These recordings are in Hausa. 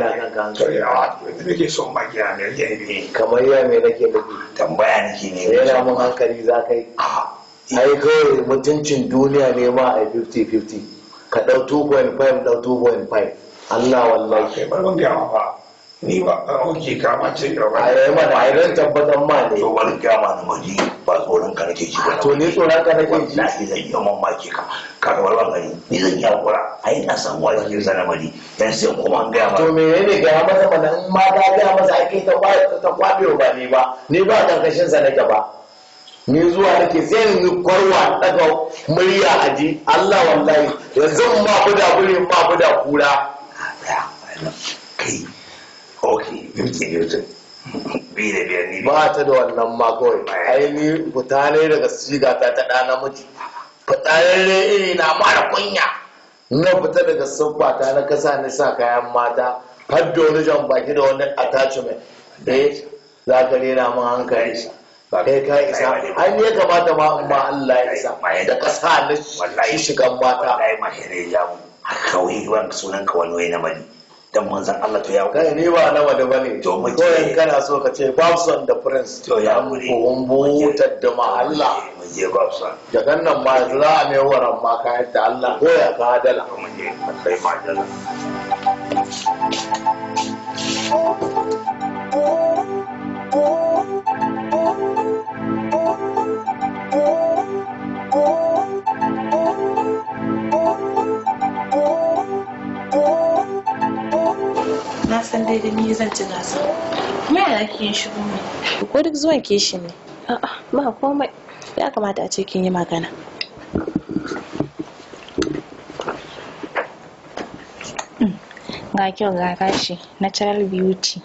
yana kan ka hankali a yanzu nake son ma gina mai rike ne kamar ya mai nake nufi tambaya nake ne yana mun hankali za ka yi ai kawai mutuncin duniya ne ma a 50-50 ka ɗau 2.5 ɗau 2.5 Allah wallahi kai bar ban gaya ba ni ba a oke kama ce ga wani ayi mana ayi ran tabbatar ma ne to wani kama na maji ba tsoron ka nake ji ba to ne tsoron ka nake ji wallahi zan yi mamaki ka ka ga wani bangare ni zan yi hakura ai na san wani zai zana maji dan sai kuma an gaya ma to me ne ne ga masa mana in ma ka ga masa ake ta ba ta kwabe ba ne ba ni ba karkashin sa nake ba ni zuwa nake sai ni korwa daga murya aji Allah wallahi yanzu ma buda bure ma buda kura kai ok 50 newton bi da biyar ni ba ta da wannan ma kawai ai ni fita ne daga siga ta ta da namiji fitararre iri na mara kunya na fita daga sabba ta na kasa ni sa kayan mata har da wani jan baki da wani attachment da eh, ya za ka rera mun hankali kai ka isa an ya kamata ma in ma Allah ya isa da kasa na shi shigan mata wallahi mahere ya mu kawai ban sunan kawai wani na mali dan manzan Allah to ya kai ni ba na wani bane to mu to in kana so ka ce Babson da Prince to ya muri ko buta da ma Allah mu je Babson daga nan ma za a ne waran ma ka yadda Allah ko ya ka hadala mu je kai ma Oh, oh, oh. lallai da ni zan ci gasa kuma yana yin shigo ne ko duk zuwan kishin ne a'a ba komai ya kamata a ce kin yi magana mm. ga kyau ga gashi natural beauty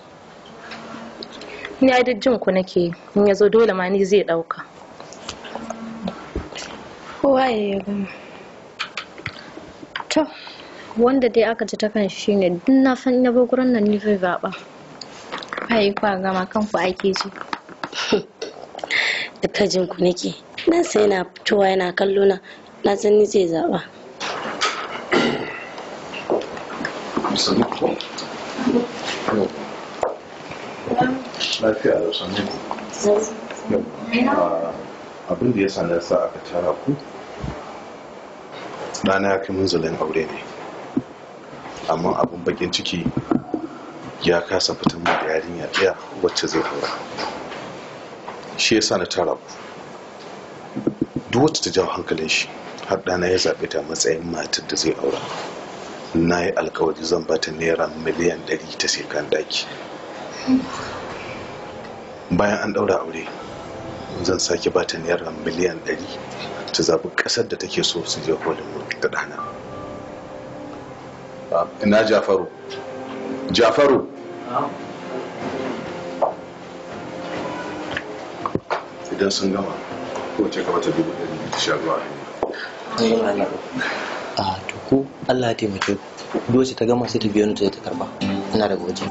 ni ai jin ku nake in ya zo dole ma ni zai dauka kowa ya yi wanda dai aka ji ta kan shi ne duk na san ina bar gurin nan ni zai zaɓa ai kwa gama kanku ake ji duka jin ku nake nan sai na fitowa yana kallo na na san ni zai zaɓa lafiya ah, abin da ya sanar sa aka tara ku ɗana ya kai munzalin aure ne amma abin bakin ciki ya kasa fitan da yarinya ɗaya wacce zai haura shi yasa na tara duk wacce ta jawo hankalin shi har ɗana ya zaɓe ta matsayin matar da zai aura na yi alkawari zan ba ta naira miliyan ɗari ta sekan daki bayan an ɗaura aure zan sake ba ta naira miliyan ɗari ta zaɓi ƙasar da take so su je hollywood da ɗana ina jafaru jafaru idan sun gama ko ce gaba ta dubu ɗari da sha ruwa eh, a to Allah ya taimake ku duk ta gama sai ta biyo ni ta karba ina daga waje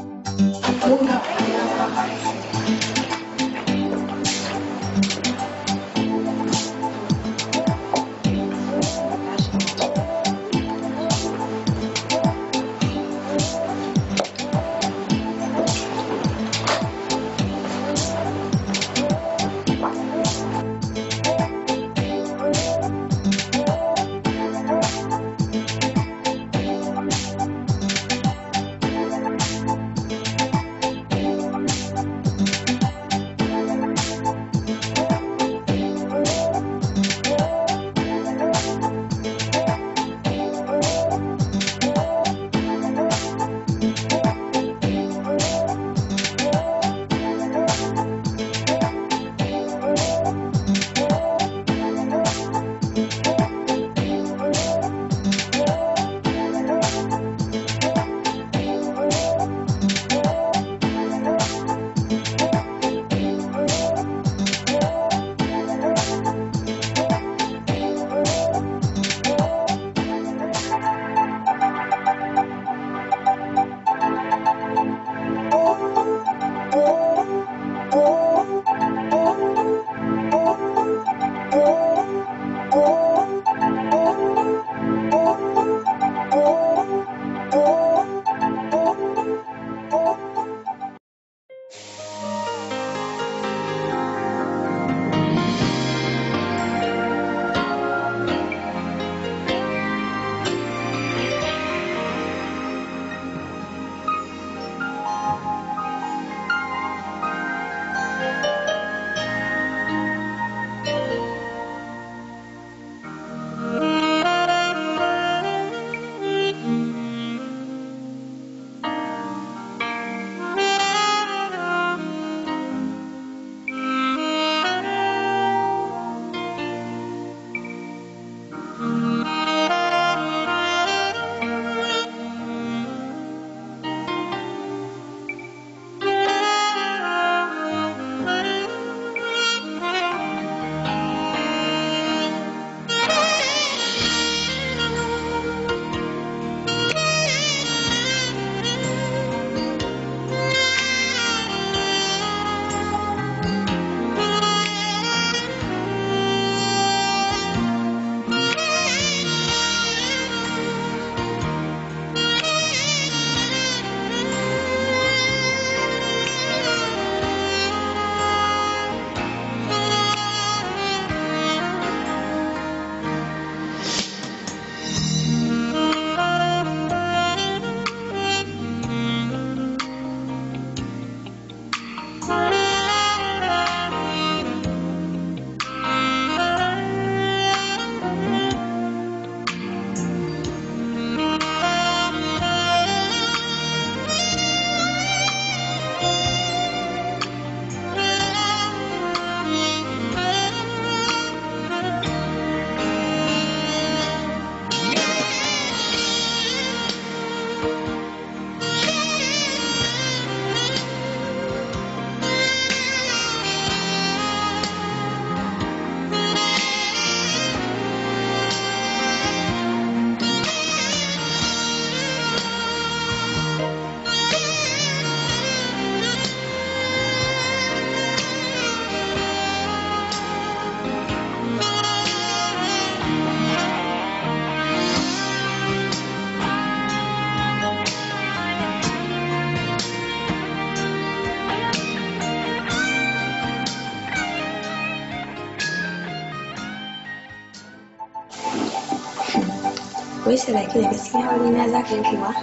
wai saraki da gaskiya wani na za ka yi kuwa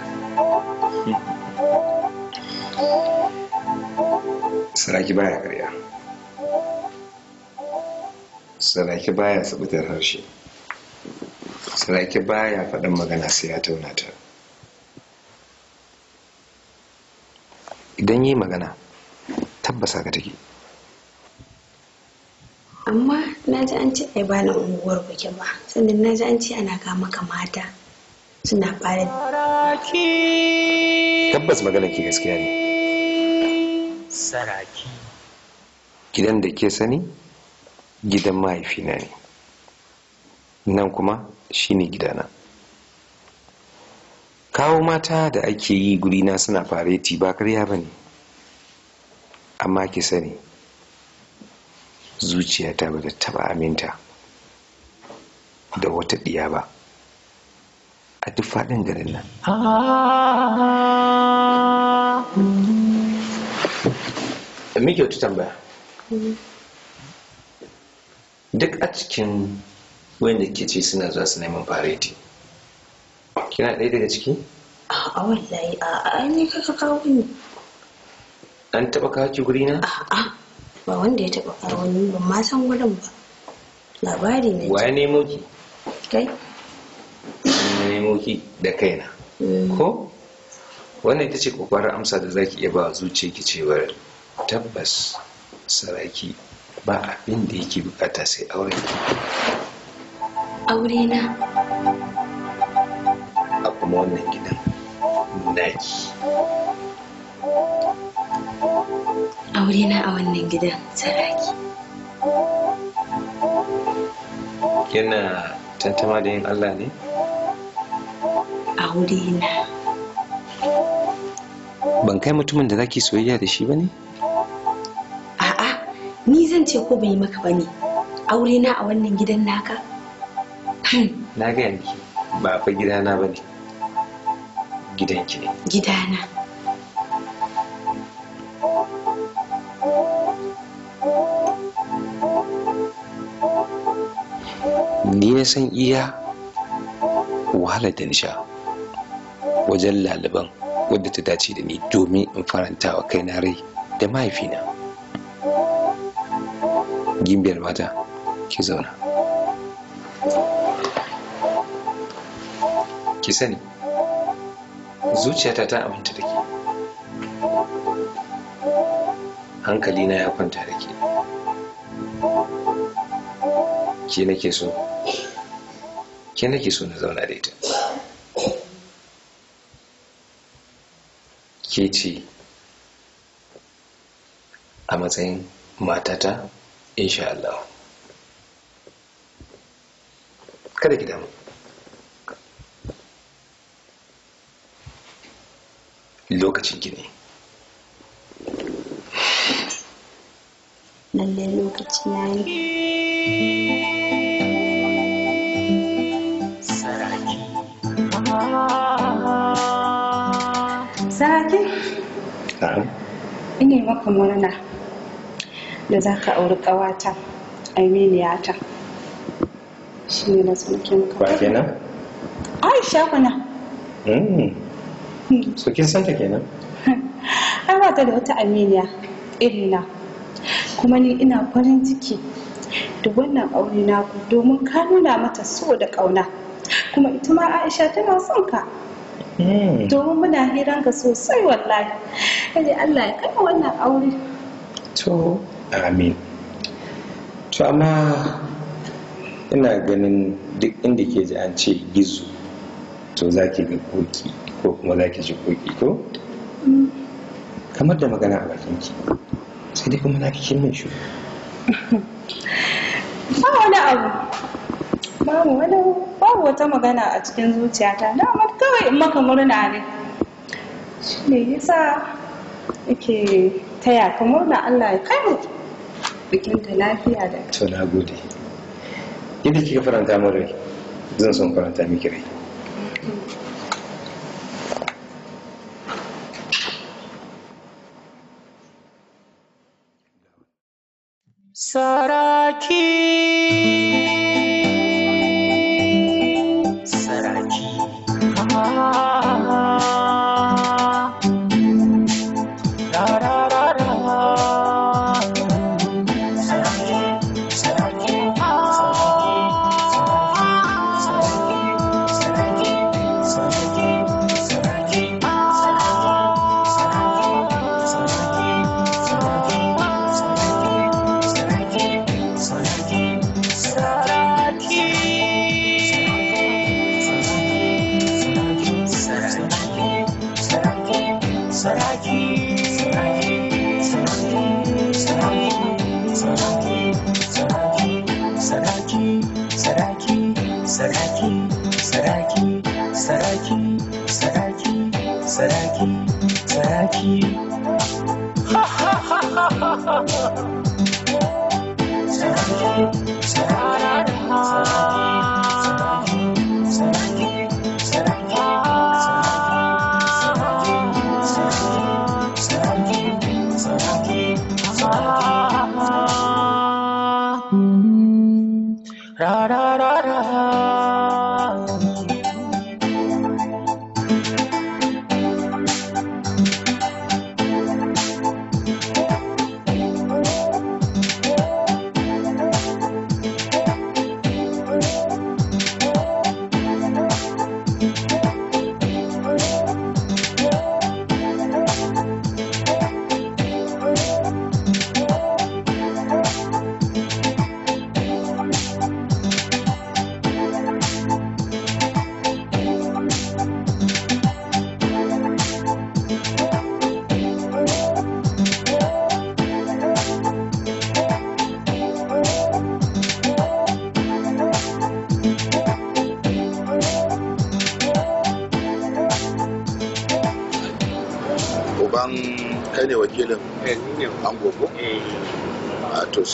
saraki baya karya saraki baya sabutar harshe saraki baya faɗin magana sai ya tauna ta idan yi magana tabbasa ka take ji an ce ai ba na unguwar kuke ba sannan na ji an ce ana ga maka mata suna fara tabbas maganar ki gaskiya ne saraki gidan da ke sani gidan mahaifina ne nan kuma shine gidana kawo mata da ake yi guri na suna fareti ba karya ba ne amma ki sani zuciyata ba ta taba aminta da wata ɗiya ba a duk faɗin garin nan da ah. muke wata tambaya duk a cikin wanda ke ce suna zuwa su neman fareti kina ɗaya daga ciki? a wallahi a ni kaka kawo ne an taɓa kawaki guri na? a'a ba wanda ya taba kawo ni ban ma san gurin ba labari ne wa nemo ki kai nemo ki da kaina mm. ko wannan ita ce kokarin amsa da zaki iya ba zuciya ki cewar tabbas saraki ba abin da yake bukata sai aure aure na a kuma wannan gidan naki aure na a wannan gidan saraki yana tantama da yin allah ne aure na ban kai mutumin da zaki soyayya da shi ba ne a'a ni zan ce ko bai yi maka ba ne aure na a wannan gidan naka na gaya miki ba fa gidana ba ne gidanki ne gidana ya san iya wahalar da nisha wajen laliban wadda ta dace da ni domin in faranta wa kaina rai da mahaifina gimbiyar mata ki zauna ki sani zuciyata ta aminta da ke hankalina ya kwanta da ke ke nake so ke nake so na zauna da ita ke ce a matsayin matata insha Allah kada ki damu lokacin ki ne lalle lokaci yayi ina maka murna da za ka auri ƙawata aminiyata shi ne na tsokin ba kenan aisha na? Hmm. Hmm. so kin santa kenan ai ba ta da wata aminiya irina kuma ni ina farin ciki da wannan aure naku domin ka nuna mata so da ƙauna kuma ita ma aisha tana son ka hmm. domin muna hiran hiranka sosai wallahi kare Allah ya kai wannan aure to amin to amma ina ganin duk inda ke ji an ce gizo to za ki ga koki ko kuma za ki ji koki ko kamar da magana a bakinki sai dai kuma na ki kimin shi ba wani abu babu wani babu wata magana a cikin zuciyata damar kawai in maka murna ne shi ne yasa yake taya ka murna Allah ya kai bikin lafiya da na gode yadda kika faranta min rai zan son faranta miki rai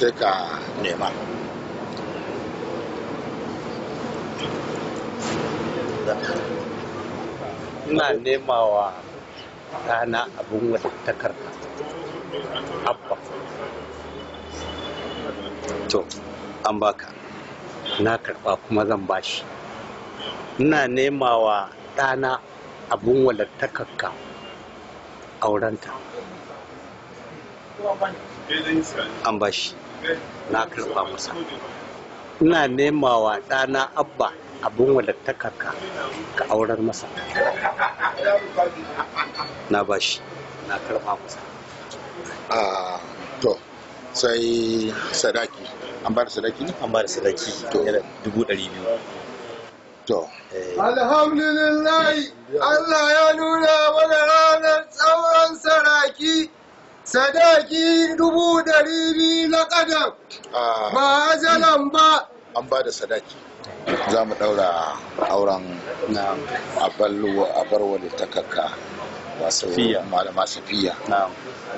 sai ka nema ina nema wa ɗana abin wata takarda abba to an baka na karɓa kuma zan bashi ina nema wa ɗana abin walattakarka aurenta an bashi na karba masa ina nema wa ɗana abba abin wadattakarka ka aurar masa na bashi na karba masa a ah, to sai sadaki an bada sadaki sadaki an bada sadaki to dubu ɗari biyu to eh. alhamdulillah Allah ya nuna mana ranar tsawon saraki sadaki dubu ɗari biyu na ƙadam ah. ba azalan ba an ba da sadaki za mu ɗaura auren na abarwa da takaka masu malama safiya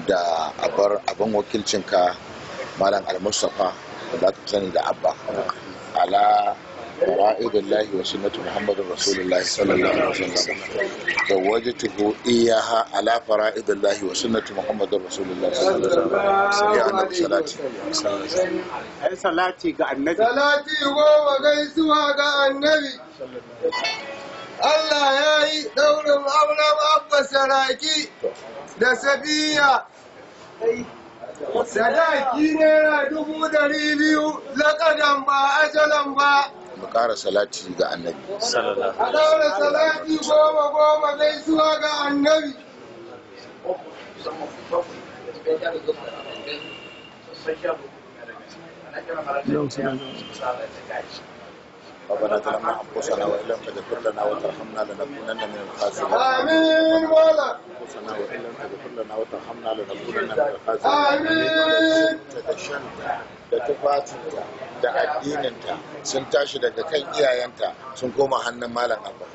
da abin wakilcinka malam al-mustapha da aka sani da abba ala فرائض الله وسنة محمد رسول الله صلى الله عليه وسلم زوجته إياها على فرائض الله وسنة محمد رسول الله صلى الله عليه وسلم يا النبي صلاتي صلاتي قال النبي صلاتي وغيسها قال النبي Allah ya yi daurin auren abba saraki da safiya sadaki naira dubu dari biyu laƙadan ba ajalan ba mu kara salati ga annabi salati goma goma zuwa ga annabi Yau ربنا ظلمنا انفسنا وان لم تغفر لنا وترحمنا لنكونن من الخاسرين امين انفسنا وان لم تغفر لنا وترحمنا لنكونن من الخاسرين امين da tufafinta da addininta sun tashi daga kan iyayenta sun koma hannun malam abba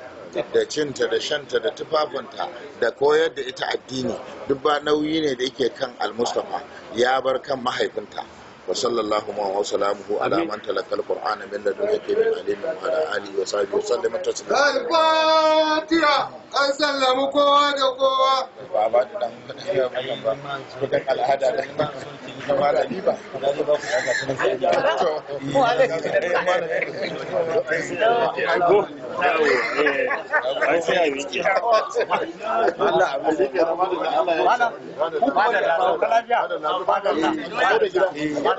da cinta da shanta da tufafinta da koyar da ita addini duk ba nauyi ne da yake kan almustafa ya bar kan mahaifinta wa sallallahu wa salamuhu ala man talaka alqur'ana min ladun hakimin alim wa ala alihi wa sahbihi wa sallama taslima al-fatiha an kowa da kowa al'ada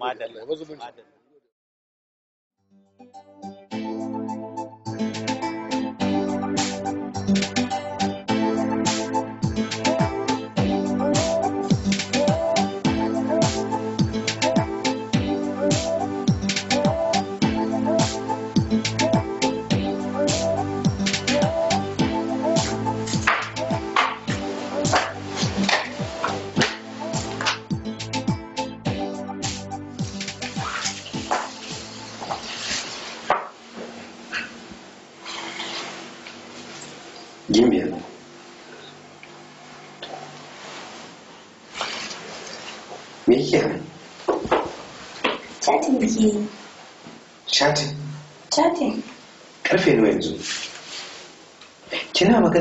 madalla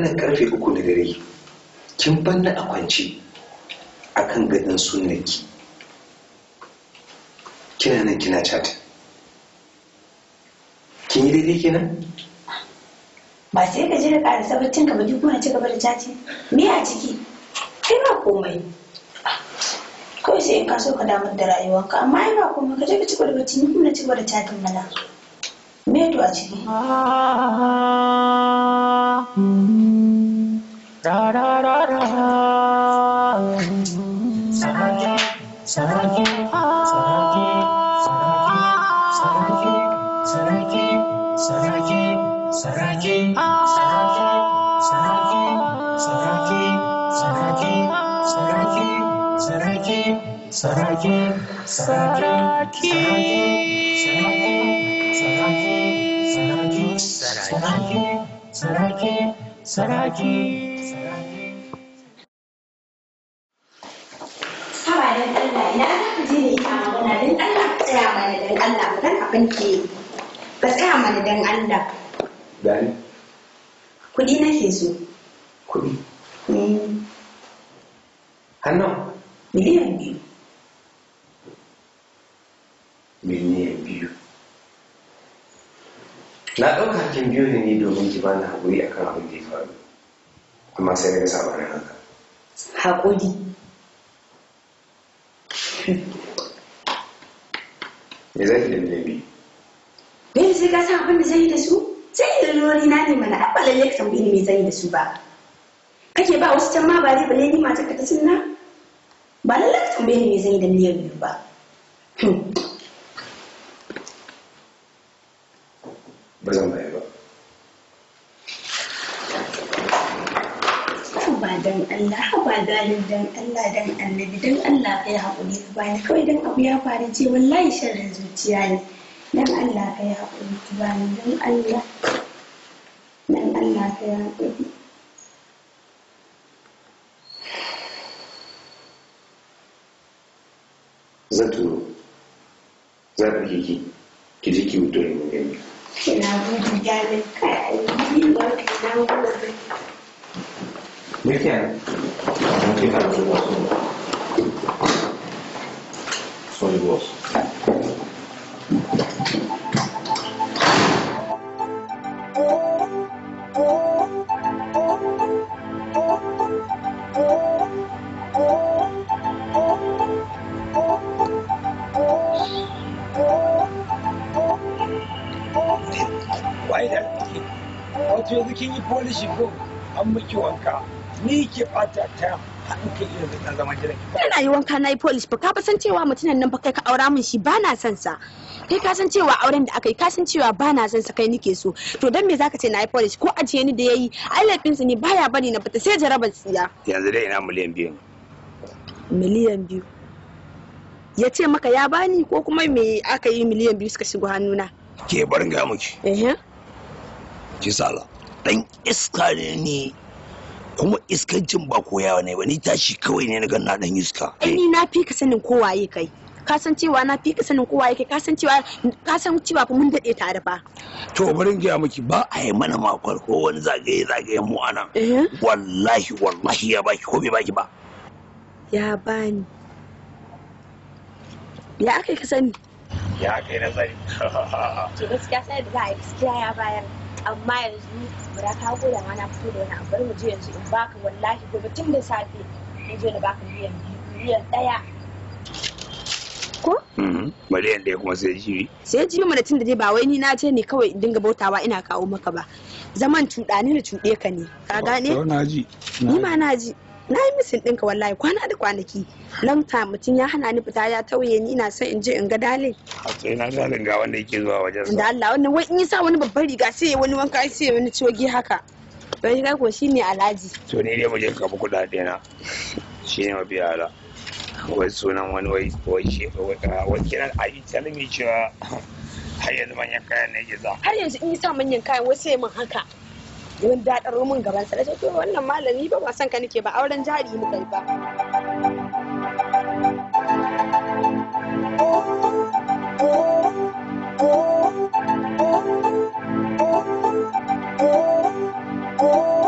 misalin karfe uku na dare kin banna a kwance a kan gadon sunanki kina nan kina cata kin yi daidai kenan ba sai ka je ka ƙara sabaccin ka baki kuna ci gaba da cati me a ciki kai ba komai kawai sai in ka so ka damar da rayuwarka amma ai ba komai ka je ka ci gaba da bacci ni kuna ci gaba da catin mana me to a ciki ah. da da da da. Saraki, saraki, saraki, saraki, saraki, saraki, saraki, saraki, saraki, saraki, saraki, saraki, saraki, saraki, saraki, saraki, saraki, saraki, saraki, saraki. abin ke ka tsaya mana dan Allah gani kudi nake so kudi mm. hannu miliyan biyu miliyan biyu na ɗauka kin biyu ne ni domin ki bani haƙuri akan abin da ya faru amma sai daga sabanin haka haƙuri me zaki da miliyan biyu sai ga san abin da zai da su sai da lori na ne mana abba lalle ka tambayi me zai da su ba kake ba wasu can ma ba dai balle ni ma ta ta sunna ba lalle ka tambayi me zai da miliyan biyu ba hmm. ba zan bayar dan Allah haba dalil dan Allah dan annabi dan Allah kai haƙuri ka bani kawai dan abu ya faru ce wallahi sharrin zuciya ne dan Allah kai haƙuri ka bani dan Allah dan Allah kai haƙuri zato za ku kiki ki ji ki mutu ne mu gani ina gudu dalil kai a yi ba ka na gudu 以前，从地下就给我送的，送礼物。我就是看你播的时候，还没去我家。ni ke bata ta hankali iya na zaman gidan ki na yi wanka na yi polish ba ka ba san cewa mutumin nan ba kai ka aura min shi ba na son sa kai ka san cewa auren da aka yi ka san cewa ba na son sa kai nike so to dan me zaka ce na yi polish ko ajiye ni da yayi ai laifin su ne baya bari na fita sai jarabar siya. yanzu dai ina miliyan biyu miliyan biyu ya ce maka ya bani ko kuma me aka yi miliyan biyu suka shigo hannuna ke barin ga miki eh ki sala dan iska ne ni kuma iskancin ba koya ne ba ni tashi kawai ne na ga na dan iska ni na fi ka sanin ko waye kai ka san cewa na fi ka sanin kowa yake ka san cewa ka san cewa mun dade tare fa to bari gaya miki ba a yi mana makon ko wani zagaye zagaye mu anan eh? wallahi wallahi ya baki ko bai baki ba ya bani ya aka yi ka sani ya kai na sani to gaskiya sai da gaskiya ya bayar amma yanzu bara ka goda ma na fito da wani abu bari mu je yanzu in baka wallahi gobe tun da safe in je na baka miliyan miliyan daya ko? Mhm. miliyan daya kuma sai jibi sai mu da tun da dai ba wai ni na ce ne kawai in dinga bautawa ina kawo maka ba zaman cuɗani da cuɗe ka ne ka gane? ni ma na ji na yi misin ɗinka wallahi kwana da kwanaki long time mutum ya hana ni fita ya tauye ni ina son in je in ga dale ake na dalin ga wanda yake zuwa wajen sa. da Allah wannan wai in yi sa wani babban riga sai wani wanka sai wani coge haka don shi ko shi ne alhaji to ne dai mu je ka buku kuɗaɗe na shi ne mafi ala wai sunan wani wai wai shi wai ah, kiran yi talimi cewa har yanzu manyan kayan ne ke za har yanzu in yi sa manyan kayan wai sai mun haka don daɗar rumun gaban sa ce wannan malami ba wasan ka nake ba auren jari muka yi ba Oh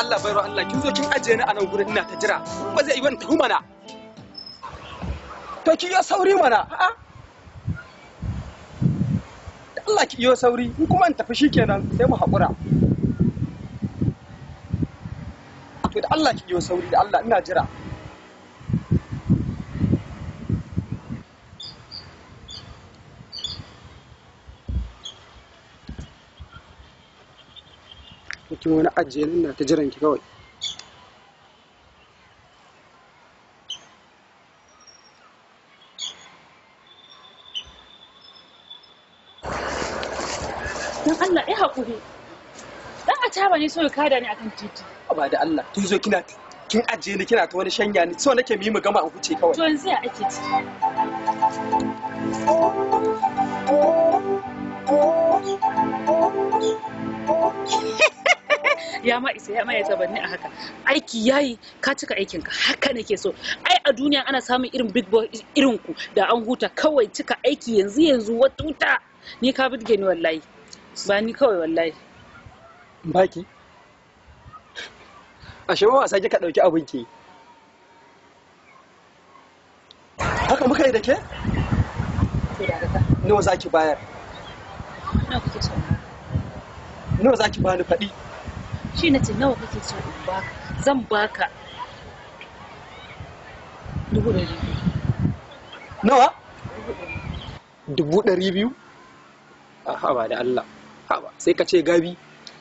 Allah bayro Allah kin zo kin ajiye ni a nan gurin ina ta jira ba zai yi to ki sauri mana Allah ki sauri in kuma in tafi shikenan sai mu haƙura to da Allah ki sauri da Allah ina jira kin wani ajiye nan na ta jiran ki kawai don Allah ya haƙuri dan a caba ne so ya kada ni akan titi ba da Allah kin zo kina kin ajiye ni kina ta wani shanya ni so nake mi mu gama an huce kawai to yanzu ya ake ciki ya ma isa ya ma ya tabanni a haka aiki yayi ka cika aikin ka haka nake so ai a duniya ana samun irin big boy irin ku da an huta kawai cika aiki yanzu yanzu wata ni ka bidge ni wallahi ba ni kawai wallahi baki ashe ba wasa kika dauki abin ki haka muka yi da ke nawa zaki bayar nawa zaki bani faɗi shi na ce nawa kake so in baka zan baka dubu ɗari nawa dubu ɗari biyu ah, haba da Allah haba sai ka ce gabi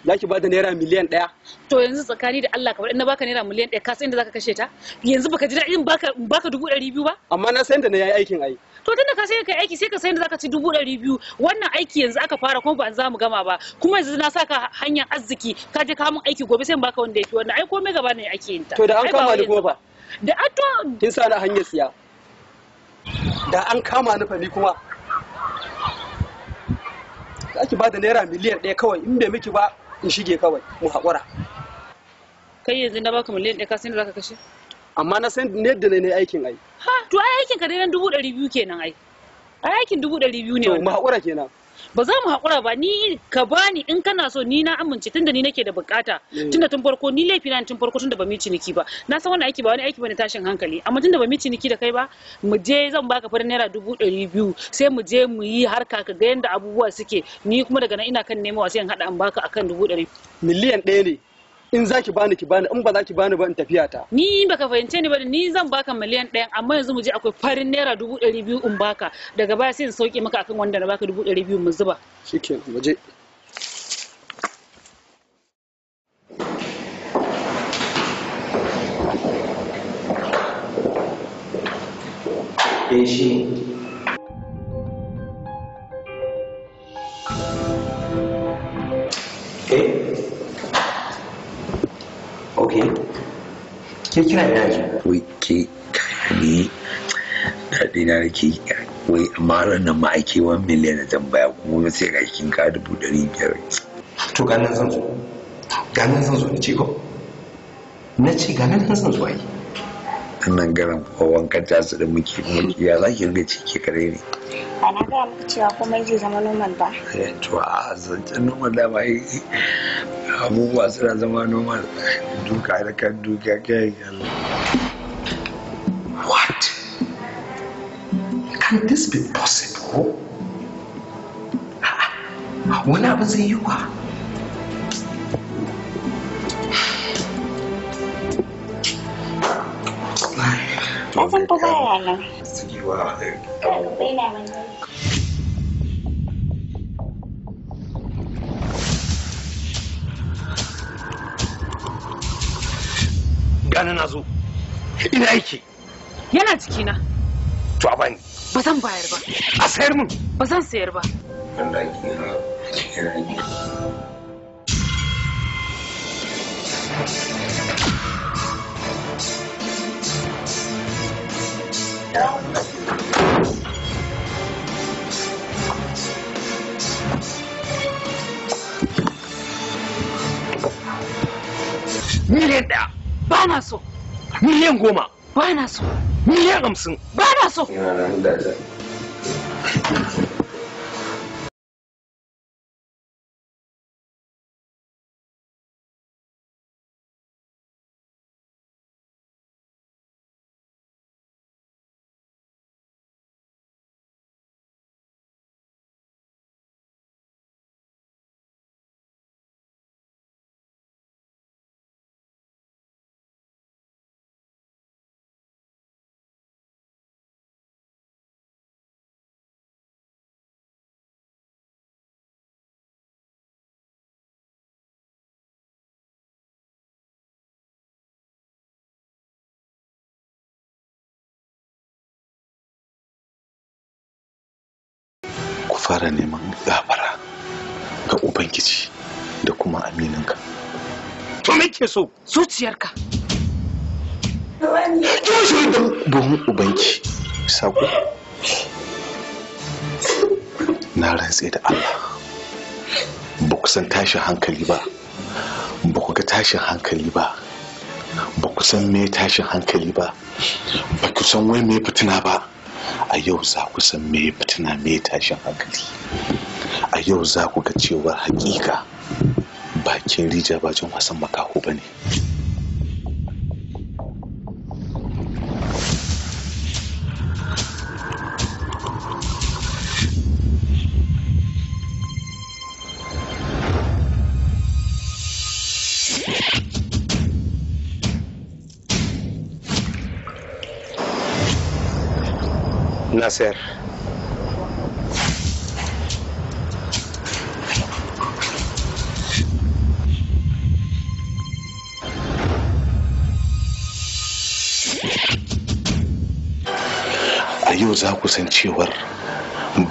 za ki bada naira miliyan ɗaya. To yanzu tsakani da Allah kamar in na baka naira miliyan ɗaya ka san inda zaka kashe ta yanzu baka ji daɗin baka baka dubu ɗari biyu ba. Amma na san da na yi aikin ai. To tunda ka sai ka aiki sai ka san da zaka ci dubu ɗari biyu wannan aiki yanzu aka fara kuma ba za mu gama ba kuma yanzu na saka hanyar arziki ka je ka mun aiki gobe sai in baka wanda yafi wannan ai komai gaba ne ake yin ta. To da an kama ni kuma ba. Da to. Kin sa na hanyar siya. Da an kama ni fa ni kuma. Za ki bada naira miliyan ɗaya kawai in bai miki ba in shige kawai mu haƙura kai yanzu na baka miliyan ɗaya ka san da zaka kashe amma na san yadda da ne aikin ai ha to ai aikin ka dai dubu ɗari biyu kenan ai ai aikin dubu ɗari biyu ne to mu haƙura kenan ba za mu haƙura ba ni ka bani in kana so ni na amince tunda ni nake da bukata mm. tunda tun farko ni laifi na tun farko tunda ba mu ciniki ba na san wannan aiki ba wani aiki bane tashin hankali amma tunda ba mu ciniki da kai ba mu je zan baka fara naira dubu ɗari biyu sai mu je mu yi harka ka ga yanda abubuwa suke ni kuma daga nan ina kan nemawa sai in haɗa an baka akan dubu ɗari miliyan ɗaya ne in za ki bani ki bani in ba za ki bani ba in tafiya ta ni baka fahimce ni ba ni zan baka miliyan ɗaya amma yanzu mu je akwai farin naira dubu ɗari biyu in baka daga baya sai in sauke maka akan wanda na baka dubu ɗari biyu mu zuba shikenan mu je eh, shi eh ok ke kira ina ji wai ke ne da na rake wai amma na ma ake wani miliyan zan tambaya kuma sai ga kin ka dubu dari biyar to ganin zan zo ganin zan zo na ce ko na ce ganin zan zo ai nan garan kowan kanta su da muke muke ya za ki riga ciki kare ne Ana na muku cewa komai zai zama normal ba eh, to a zancen normal da bai abubuwa suna zama normal duka da kan duka kai what can this be possible wani abu zai yi wa Kasan fa baya nan. qua trong một gani na zo ina yake yana cikina to a bani ba zan bayar ba a sayar mun ba zan sayar ba Allah ki na 你连的，巴纳苏，你来过吗？巴纳苏，你来么吗？巴纳苏。fara neman gafara ga ubangiji da kuma aminanka. to me ke so zuciyarka buhun Ubangi, sako na rantse da allah ba ku san tashin hankali ba ba ku ga tashin hankali ba ba ku san me tashin hankali ba ba ku san wai me fitina ba a yau za ku san me fitina me tashin hankali a yau za ku ga cewar hakika bakin rija bakin wasan makaho ba ne hacer. a yau za ku san cewar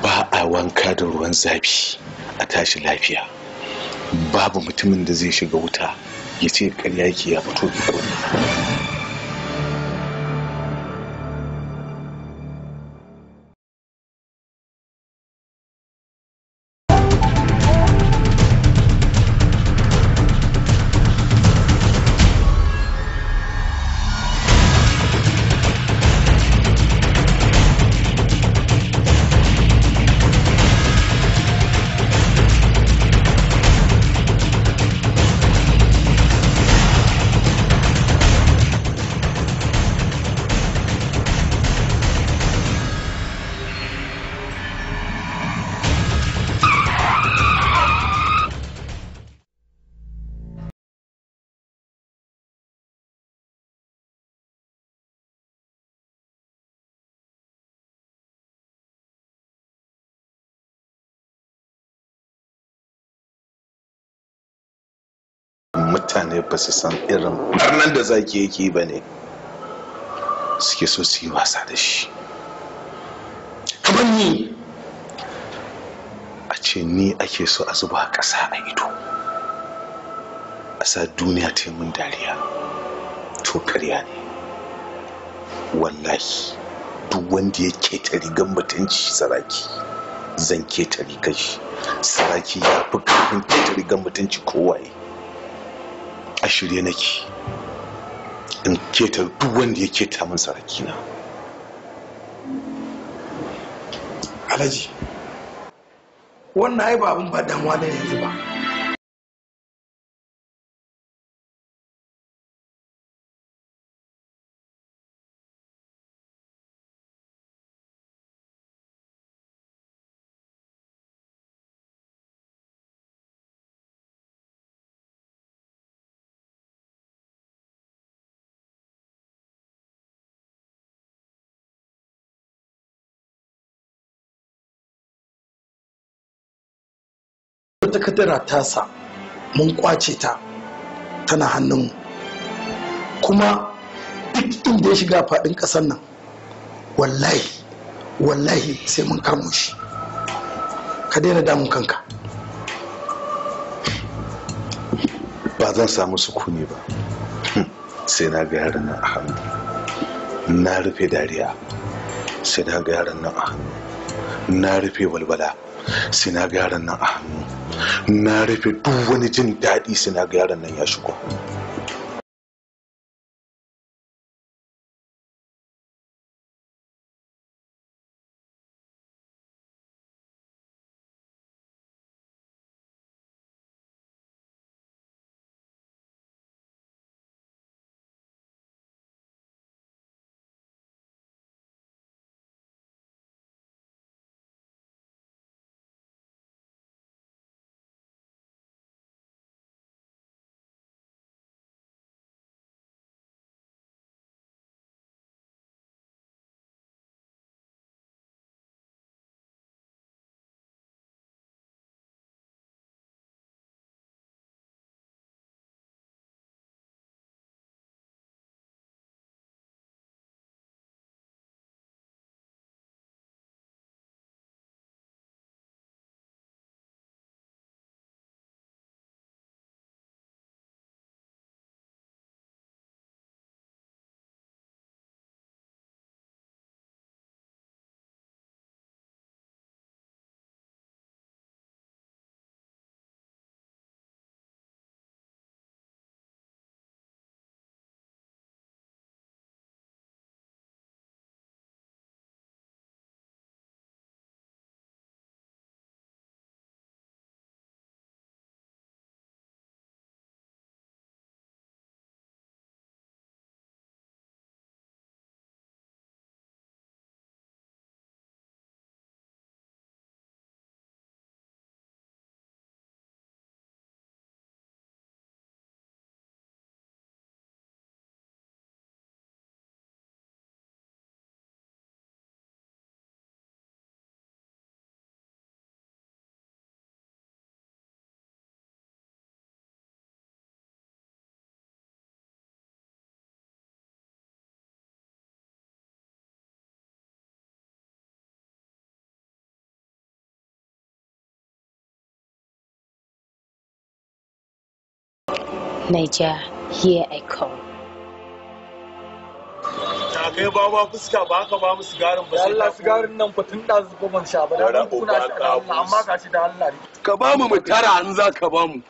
ba a wanka da ruwan zafi a tashi lafiya babu mutumin da zai shiga wuta ya ce ƙarya ya fito da mutane ba su san irin barnan da zaki yake ba ne suke so su yi wasa da shi kamar ni a ce ni ake so a zuba ƙasa a ido a sa duniya ta mun dariya to karya ne wallahi duk wanda ya keta rigar mutunci saraki zan keta rigar shi saraki ya fi karfin keta rigar mutunci kowaye a shirye nake in keta duk wanda ya ta min na. Alaji. wannan ai ba abin ba damuwa ne yanzu ba wata kadara tasa mun kwace ta tana hannunmu kuma duk inda ya shiga faɗin ƙasar nan wallahi wallahi sai mun kamo shi ka daina damun kanka ba zan samu sukuni ba hmm, sai na ga yaran nan a hannu na rufe dariya sai na ga yaran nan a hannu na rufe walwala sinagaran nan a hannu na rufe duk wani jin daɗi sinagaran ga yaran nan ya shigo Naija, here I come. ta kai ba ba fuska ba ka ba mu sigarin ba Allah sigarin nan fa tun da zuba ban sha ba da kuna shi amma ka shi da Allah ka ba mu mu tara an za ka ba mu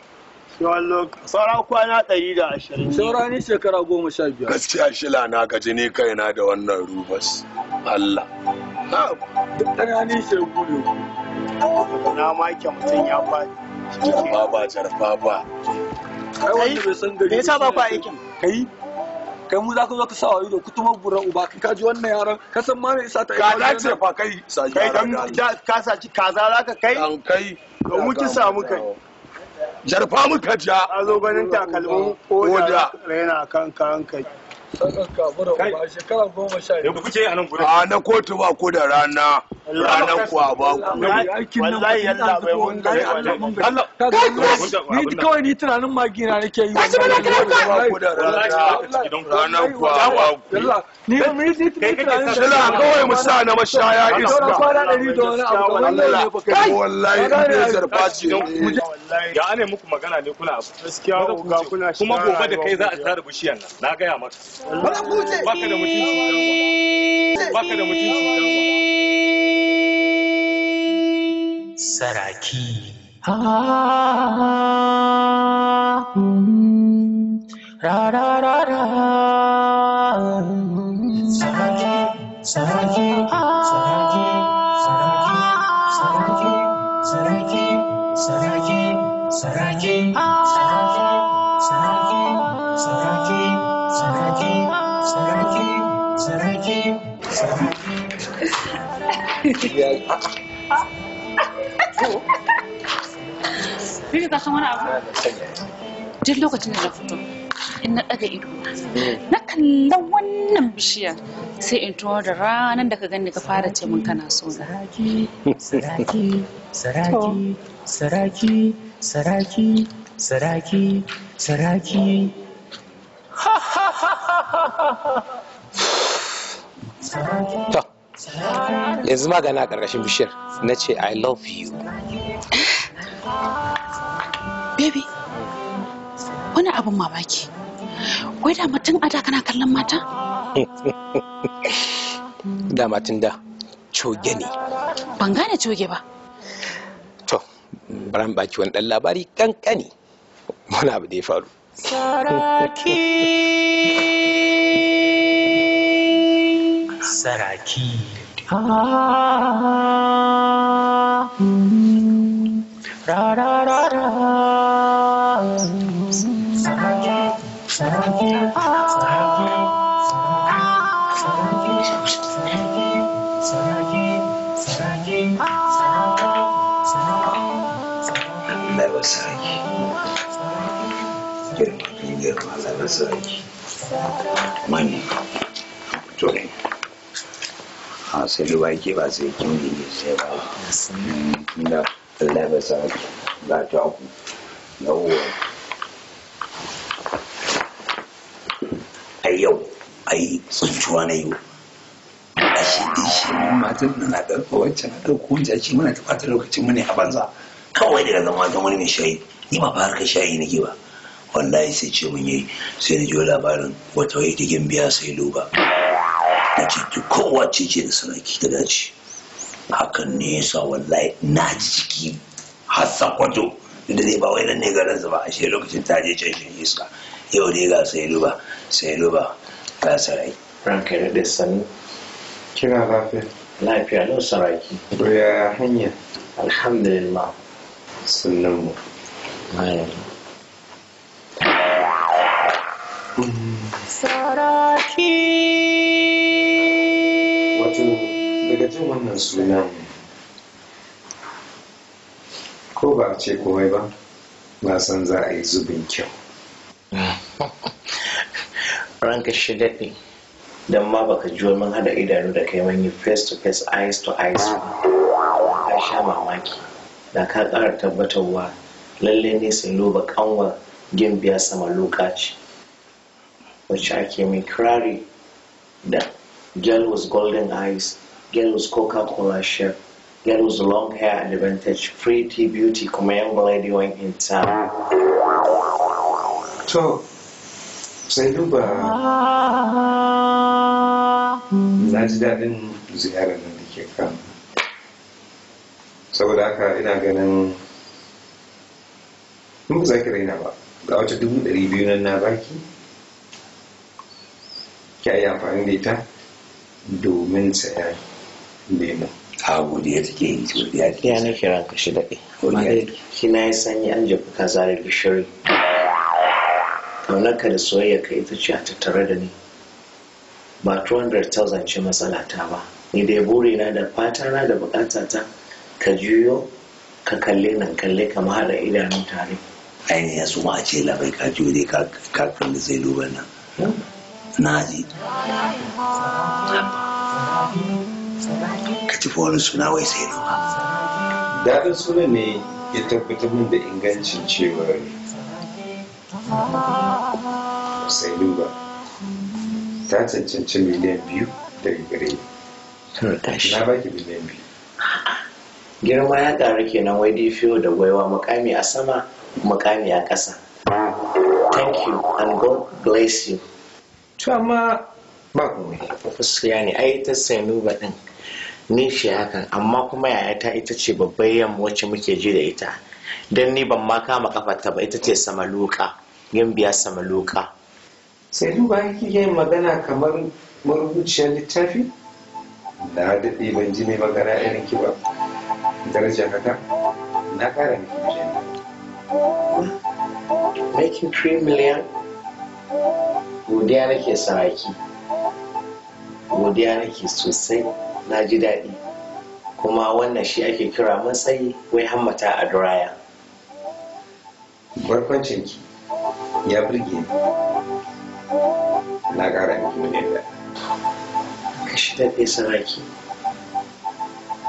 saura kwana ɗari da ashirin saura ni shekara goma sha biyar gaskiya shila na gaji ne kaina da wannan rubas Allah duk ɗaya ni shegu ne na make mutum ya faɗi ba ba jarfa ba kai me yasa ba ku aikin kai kai mu za ka zo ka sa ido ku tuma burar uba kai ka ji wannan yaran ka san ma me yasa ta kaza ce fa kai kai dan ka saci kaza za ka kai dan kai domin ki samu kai jarfa muka ja a zo ganin takalmin oda raina kan kan kai a na kotu ba ku da rana ranar kuwa ba ku ni kawai ni tunanin magina nake yi ba ku da rana ranar kuwa ba ku ni tunanin shila kawai mu sa na mashaya iska wallahi in dai zarfa ce ya ne muku magana ne kuna abu kuma gobe da kai za a tsara bishiyan nan na gaya maka Baka da mutunci Baka da mutunci Saraki. Ra saraki, saraki, saraki, saraki. duk lokacin da na fito in na ɗaga ido na kalla wannan bishiyar sai in tuwo da ranar da ka gani ka fara ce mun kana so na saraki saraki saraki saraki saraki saraki to yanzu magana a ƙarƙashin bishiyar na ce i love you baby wani abin mamaki wai da mutum ada kana kallon mata da matin da coge ne ban gane coge ba to baran baki wani ɗan labari kankani wani abu da ya faru Saraki. Saraki. Ah, ra ra ra ra ra. Ah. Saraki. Saraki. Saraki. Saraki. Saraki. Saraki. Saraki. Saraki. Saraki. Saraki. sarki ah, sai ruwa ke ba sai ba ba ba yau ai na matan na wacce na wacce shi muna ta lokacin mu ne a banza kawai daga zama ta wani mai shayi ni ba fa harkar shayi nake ba wallahi sai ce mun yi sai na jiwa labarin wata wai digin biya sai loba na ce ki kowa ce ce da sanaki ta dace hakan ne ya sa wallahi na ji jiki har sakwato da zai ba wai nan ne garin ba a shi lokacin ta je can shin iska yau dai ga sai loba sai loba ga sarai ranka ya daɗe sani kira lafiya lafiya lo saraki ya hanya alhamdulillah sunan mu saraki wato daga jin wannan sunan ko ba a ce komai ba na san za a yi zubin kyau ranka shi daɗe don ma baka ji wani hada idanu da kai manyan face to face eyes to eyes ka sha mamaki da ka ƙara tabbatarwa lalle ne sun loba kanwar gimbiya sama lokaci which I came in crowdy. The girl was golden eyes, girl was Coca-Cola shirt, girl was long hair advantage, pretty beauty, kuma yan lady wani in town. To, sai duba na ji daɗin ziyarar nan da ke kan. Saboda haka ina ganin in ba za ki raina ba, ga wata dubu ɗari biyu nan na baki. ya yi amfani da ita domin sayan lemu a ya take yi godiya take ya yana kiran ka shi daɗe shi na yi sanyi an jefa ka zare gishiri kaunarka da soyayya ka ita ce a tattare da ni ba 200,000 ce matsala ta ba ni dai burina da fatana da bukata ta ka juyo ka kalle nan kalle ka mahada idanun tare ainihin ya suma a ce labai ka juyo dai ka kalli zai duba nan hmm. nazi ka ci wani suna wai sai nan ba daɗin suna ne ya tabbatar min da ingancin cewa sai ba ta cancanci miliyan biyu da gare na baki miliyan biyu girma ya ƙaru kenan wai fiyo da gwaiwa mukami a sama mukami a ƙasa thank you and god bless you to amma ba komai gaskiya ne ai ta sainu ba ni shi hakan amma kuma yaya ta ita ce babbar yamma wacce muke ji da ita Don ni ban ma kama kafarta ba ita ce samaluka yin biya samaluka sai duba yake yin magana kamar marubuciyar littafi na daɗe ban ji ne magana irin ki ba daraja haka na ƙara miki jini. Making 3 million godiya nake saraki godiya nake sosai na ji daɗi kuma wannan shi ake kira matsayi wai hammata a duraya barkwancinki ya burge ni na ƙara miki miliyan da shi daɗe saraki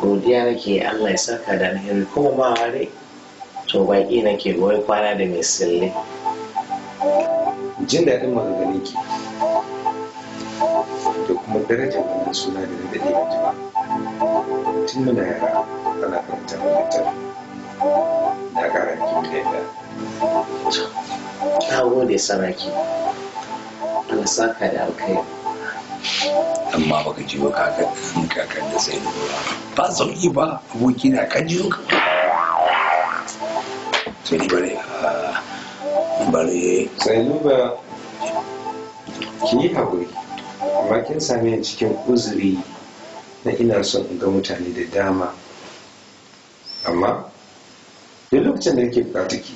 godiya nake allah ya saka da alheri kuma ma ware to baƙi nake wai kwana da mai sille jin daɗin maganganun ki da kuma darajar wannan suna da na daɗe da jima tun muna yara ana karanta mana ta na ƙara ki kai da na gode saraki ana saka da alkai amma baka jiwo kakan kakan da sai ba sauki ba abokina ka jiwo kakan sai bane bari sai duba ki yi haƙuri amma kin same cikin uzuri na ina son in ga mutane da dama amma duk lokacin da yake buƙata ki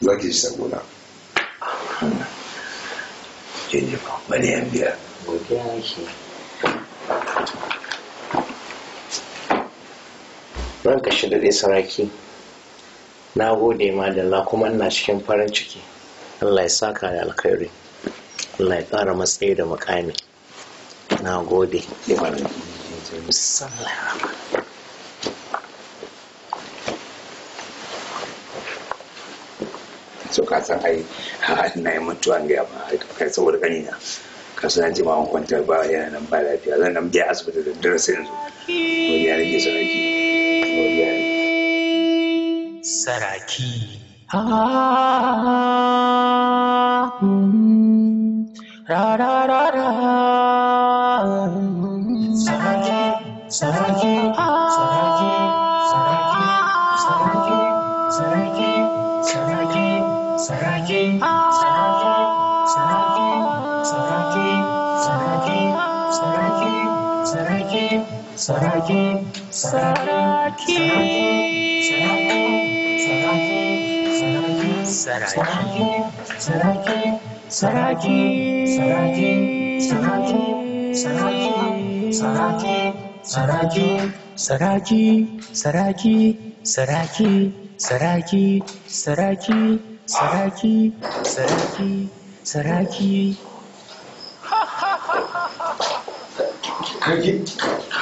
za ki ji saboda jeje ba bari yan biya ranka shi da saraki na gode madalla kuma ina cikin farin ciki allah ya saka da alkhairi allah ya ƙara matsayi da makami na gode so ka san ai na yi mutuwa ga yamma kai saboda kanina ka san ji ma kwantar ba yana nan ba lafiya zan nan biya asibiti da dare sai yanzu ya rage sarki ko ya saraki ah, saraki saraki saraki saraki saraki saraki saraki saraki saraki saraki saraki saraki saraki saraki saraki saraki saraki Saraki, Saraki, Saraki, Saraki, Saraki, Saraki, Saraki, Saraki, Saraki, Saraki, Saraki, Saraki, Saraki, Saraki, Saraki, Saraki. Saraki.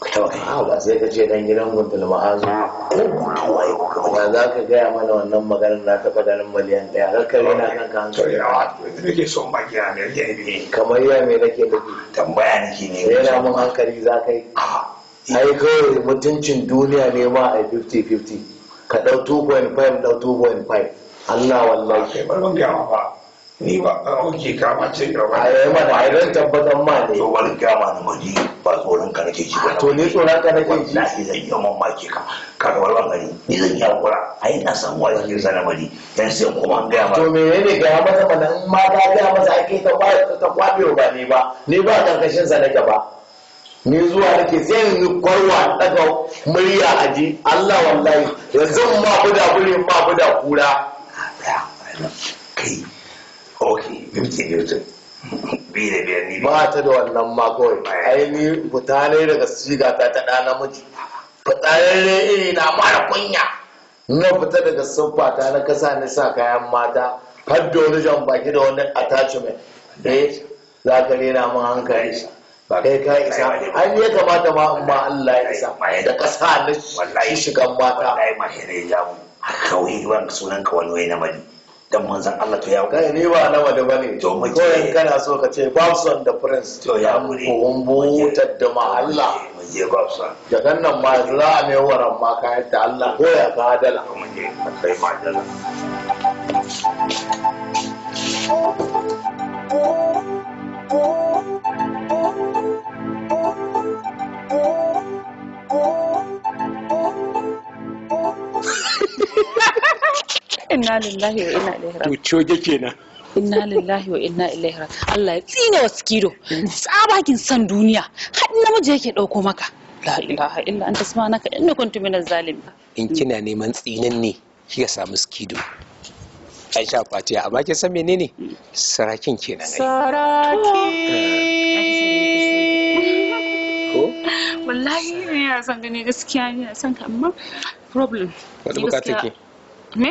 kawai a ba sai ka ce dan gidan gudul ma'azu ba za ka gaya mana wannan maganar na taɓa ganin miliyan ɗaya har kare na kan ka hankali nake son baki na mai rike ne kamar ya mai nake ke tambaya nake ne yana mun hankali za ka yi ah. ai kawai mutuncin duniya ne ma a 50-50 ka ɗau 2.5 ɗau 2.5 Allah wallahi kai barban gama ni ba a oke kama ce gaba a yi mana a ran tabbatar ma ne to wani gama na maji ba tsoron ka nake ji ba to ne tsoron ka nake ji wallahi zan yi mamaki ka ka ga wannan gari ni zan yi hakura a yi na san wa zan yi maji yan sai kuma an gaya ma to me ne ga mata mana in ma ta gaya mata ake ta ba ta kwabe ba ne ba ni ba karkashin sa nake ba ni zuwa nake sai yi kwarwa daga murya a ji, Allah wallahi yanzu ma buda burin ma buda kura kai ok 50-50 biyu da biyar ni ba ta da wannan magoi aini fita ne daga siga ta ta ɗana miji fita ne iri na mara kunya na fita daga siffa ta na kasa ni sa kayan mata har da wani jan baki da wani attachment eh za ka rena mun hankali ba kai ka isa an ya kamata ma in ma Allah ya isa da kasa na shigan mata wallahi ya mu a kawai ruwan sunan ka wani wai na mali dan manzan Allah to ya kai ne ba nawa da bane to mu koyan kana so ka ce Babson da Prince to ya mure ko butar da ma Allah mu je Babson da dan nan ma za a ne waran ma ka yadda Allah ko ya ka dala mu je kai ma dala Oh, oh, oh. oh. inna lillahi wa inna ilaihi raji'un to coge kenan inna lillahi wa inna ilaihi raji'un Allah ya tsine wa sikido. tsabakin san duniya har namiji yake dauko maka la ilaha illa anta subhanaka inni kuntu minaz zalimin in kina neman tsinin ne ya samu skido Aisha Fatiya, amma kin san menene sarakin kenan saraki wallahi ne ya san gani gaskiya ya san ka amma problem wata bukata ke me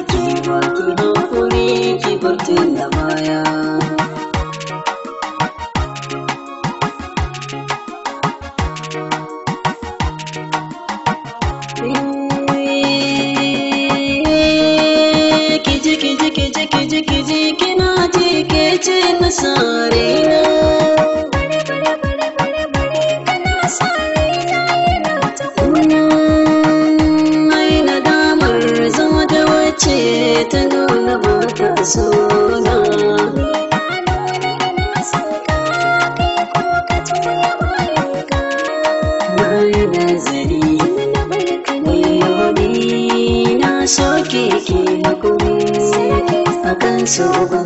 so